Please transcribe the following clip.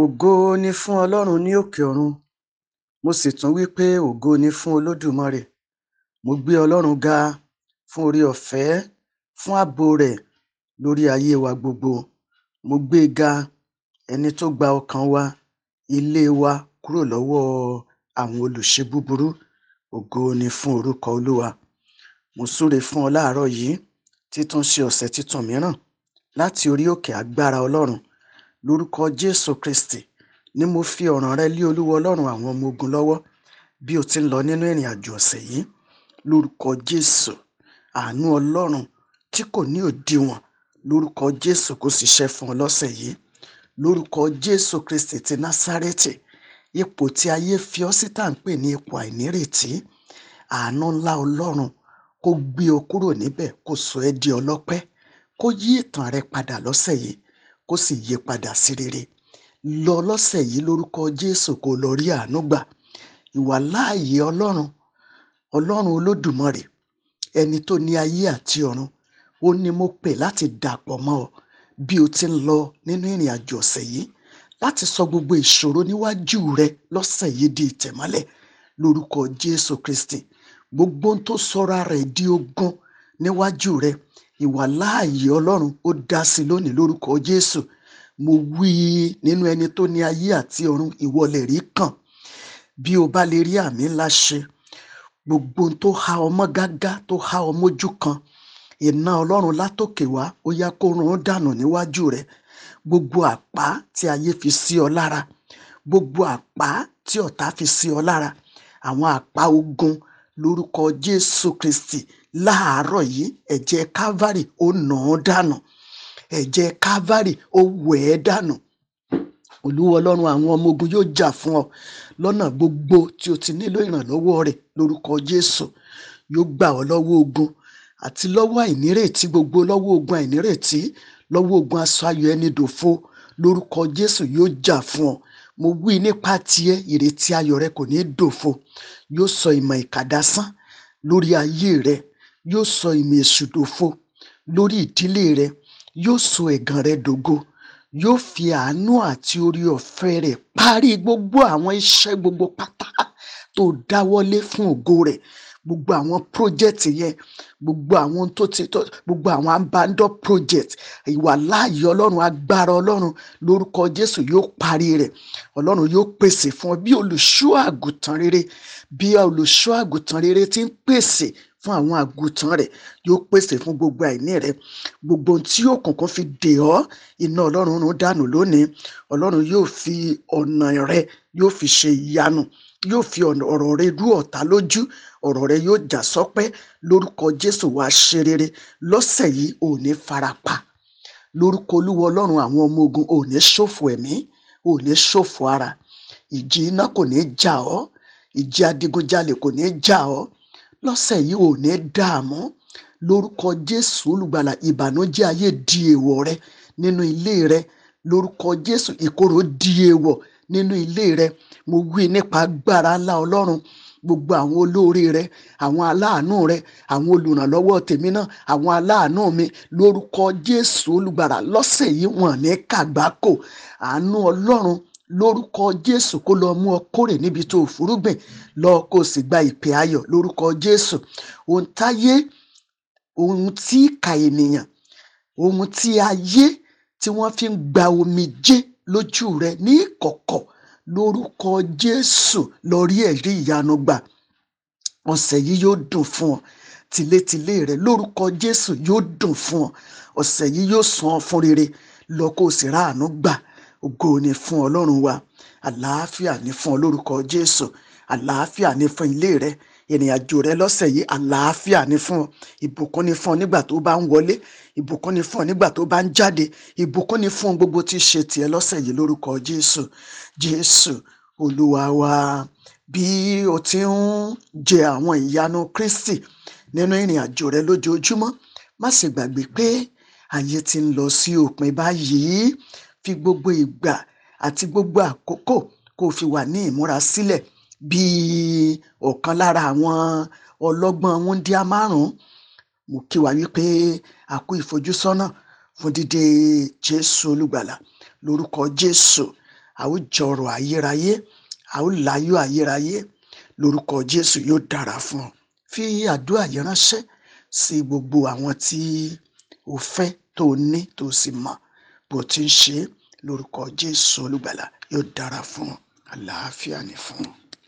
ògo ni fún ọlọ́run ní òkè ọ̀run mo sì tún wí pé ògo ni fún olódùmarè mo gbé ọlọ́run ga fún orí ọ̀fẹ́ fún ààbò rẹ̀ lórí ayé wa gbogbo mo gbé e ga ẹni tó gba ọkàn wa ilé wa kúrò lọ́wọ́ àwọn olùṣe búburú ògo ni fún orúkọ olúwa mo súre fún ọ láàárọ̀ yìí títún ṣe ọ̀sẹ̀ titun mìíràn láti orí òkè agbára ọlọ́run lórúkọ jésù kristi ni mo fi ọ̀ràn rẹ lé olúwa ọlọ́run àwọn ọmọ ogun lọ́wọ́ bí o ti ń lọ nínú ìrìn àjò ọ̀sẹ̀ yìí lórúkọ jésù àánú ọlọ́run tí kò ní òdiwọ̀n lórúkọ jésù kó ṣiṣẹ́ fún ọ lọ́sẹ̀ yìí lórúkọ jésù kristi ti násárẹ́tì ipò tí ayé fi ọ́ sí tá ní ipò àìnírètí àánú ńlá ọlọ́run kó gbé ọ kúrò níbẹ̀ kó sọ ẹ́ di ọlọ́pẹ́ kó yí ìtàn rẹ padà lọ́sẹ̀ yìí kó sì yí padà sí rere lọ lọ́sẹ̀ yìí lórúkọ Jésù kó lọ rí àánú gbà ìwàláàyè Ọlọ́run Ọlọ́run Olódùmarè ẹni tó ní ayé àti ọ̀run ó ní mo pè láti dàpọ̀ mọ́ ọ bí o ti ń lọ nínú ìrìn àjò ọ̀sẹ̀ yìí láti sọ gbogbo ìṣòro níwájú rẹ lọ́sẹ̀ yìí di ìtẹ̀mọ́lẹ̀ lórúkọ Jésù Kristi gbogbo ohun tó sọra rẹ̀ di ogun níwájú rẹ ìwà láàyè ọlọ́run ó dá sí lónìí lórúkọ jésù mo wí nínú ẹni tó ní ayé àti ọ̀run ìwọlẹ rí kàn bí o bá lè rí àmì ńlá ṣe gbogbo tó ha ọmọ gágá tó ha ọmọ ojú kan iná ọlọ́run látòkè wá ó yá kó run ó dànù níwájú rẹ gbogbo àpá tí ayé fi sí ọ lára gbogbo àpá tí ọ̀tá fi sí ọ lára àwọn àpá ogun lórúkọ jésù kristi láàárọ̀ yìí ẹ̀jẹ̀ calvary ó nà án dànù ẹ̀jẹ̀ calvary ó wẹ̀ ẹ́ dànù olúwa ọlọ́run àwọn ọmọ ogun yóò jà fún ọ lọ́nà gbogbo tí o ti nílò ìrànlọ́wọ́ rẹ̀ lórúkọ jésù yóò gbà ọ́ lọ́wọ́ ogun àti lọ́wọ́ àìnírètí gbogbo lọ́wọ́ ogun àìnírètí lọ́wọ́ ogun aṣọ ayọ̀ ẹni dòfo lórúkọ jésù yóò jà fún ọ mo wí nípa tiẹ ìrètí ayọ̀ rẹ kò ní dòfo yóò sọ ìmọ̀ ìkà dasán lórí ayé rẹ yóò sọ ìmọ̀ èṣù dòfo lórí ìdílé rẹ yóò sọ ẹ̀gàn rẹ dògo yóò fi àánú àti orí ọ̀fẹ́ rẹ̀ parí gbogbo àwọn iṣẹ́ gbogbo pátá tó dáwọ́lé fún ògo rẹ̀ gbogbo àwọn project yẹn gbogbo àwọn tó ti tó gbogbo àwọn abandon project ìwà láàyè ọlọ́run agbára ọlọ́run lórúkọ jésù yóò parí rẹ̀ ọlọ́run yóò pèsè fún ọ bí olùṣọ́ àgùntàn rere bí olùṣọ́ àgùntàn rere ti ń pèsè fún àwọn àgùntàn rẹ̀ yóò pèsè fún gbogbo àìní rẹ̀ gbogbo ohun tí òkùnkùn fi dè ọ́ iná ọlọ́run rún dànù lónìí ọlọ́run yóò fi ọ̀nà rẹ̀ yóò fi ṣe ìyanu yóò fi ọ̀rọ̀ rẹ rú ọ̀tá lójú ọ̀rọ̀ rẹ yóò já sọ́pẹ́ lórúkọ jésù wàá ṣe rere lọ́sẹ̀ yìí ò ní farapa lórúkọ olúwa ọlọ́run àwọn ọmọ ogun ò ní ṣòfò ẹ̀mí ò ní ṣòfò ara ìjì iná kò ní jà ọ́ ìjì adigunjalè kò ní jà ọ́ lọ́sẹ̀ yìí ò dààmú lórúkọ jésù olùgbàlà ìbànújẹ́ ayé di èèwọ̀ rẹ nínú ilé rẹ lórúkọ jésù ìkorò di èèwọ̀ nínú ilé rẹ mo wí nípa agbára ńlá ọlọ́run gbogbo àwọn olóore rẹ àwọn aláàánú rẹ àwọn olùrànlọ́wọ́ tèmi náà àwọn aláàánú mi lórúkọ jésù olùgbàrà lọ́sẹ̀ yìí wọ́n ní kàgbákò àánú ọlọ́run lórúkọ jésù kó lọ mú ọ kórè níbi tó fúrúgbìn lọ kó o sì gba ìpè ayọ̀ lórúkọ jésù ohun táyé ohun tí kà ènìyàn ohun tí ayé tí wọ́n fi ń gba omijé lójú rẹ ní ìkọ̀kọ̀ lórúkọ Jésù lọ rí ẹ̀rí ìyanu gbà ọ̀sẹ̀ yìí yóò dùn fún ọ tìletìle rẹ lórúkọ Jésù yóò dùn fún ọ ọ̀sẹ̀ yìí yóò sàn ọ fún rere lọ kó o sì ráàánú gbà ògo ni fún Ọlọ́run wa àlàáfíà ni fún ọ lórúkọ Jésù àlàáfíà ni fún ilé rẹ ìrìn àjò rẹ lọ́sẹ̀ yìí àlàáfíà ni fún ọ ìbùkún ni fún ọ nígbà tó bá ń wọlé ìbùkún ni fún ọ nígbà tó bá ń jáde ìbùkún ni fún ọ gbogbo tí í ṣe tiẹ̀ lọ́sẹ̀ yìí lórúkọ Jésù Jésù Olúwa wa bí o ti ń jẹ àwọn ìyanu Kristi nínú ìrìn àjò rẹ lójoojúmọ́ má sì gbàgbé pé ayé ti ń lọ sí òpin báyìí fi gbogbo ìgbà àti gbogbo àkókò kó o fi wà ní ìmúra sílẹ̀ bíi ọ̀kan lára àwọn ọlọ́gbọ́n wúńdíá márùn-ún mo kí wa wípé a kú ìfojúsọ́nà fún dídé jésù olùgbàlà lórúkọ jésù a ó jọrọ̀ ayérayé a ó láyọ̀ ayérayé lórúkọ jésù yóò dára fún ọ fi àdúrà yìí ránṣẹ́ sí gbogbo àwọn tí o fẹ́ tó o ní tó o sì mọ̀ bó o ti ń ṣe lórúkọ jésù olùgbàlà yóò dára fún ọ àlàáfíà ni fún ọ.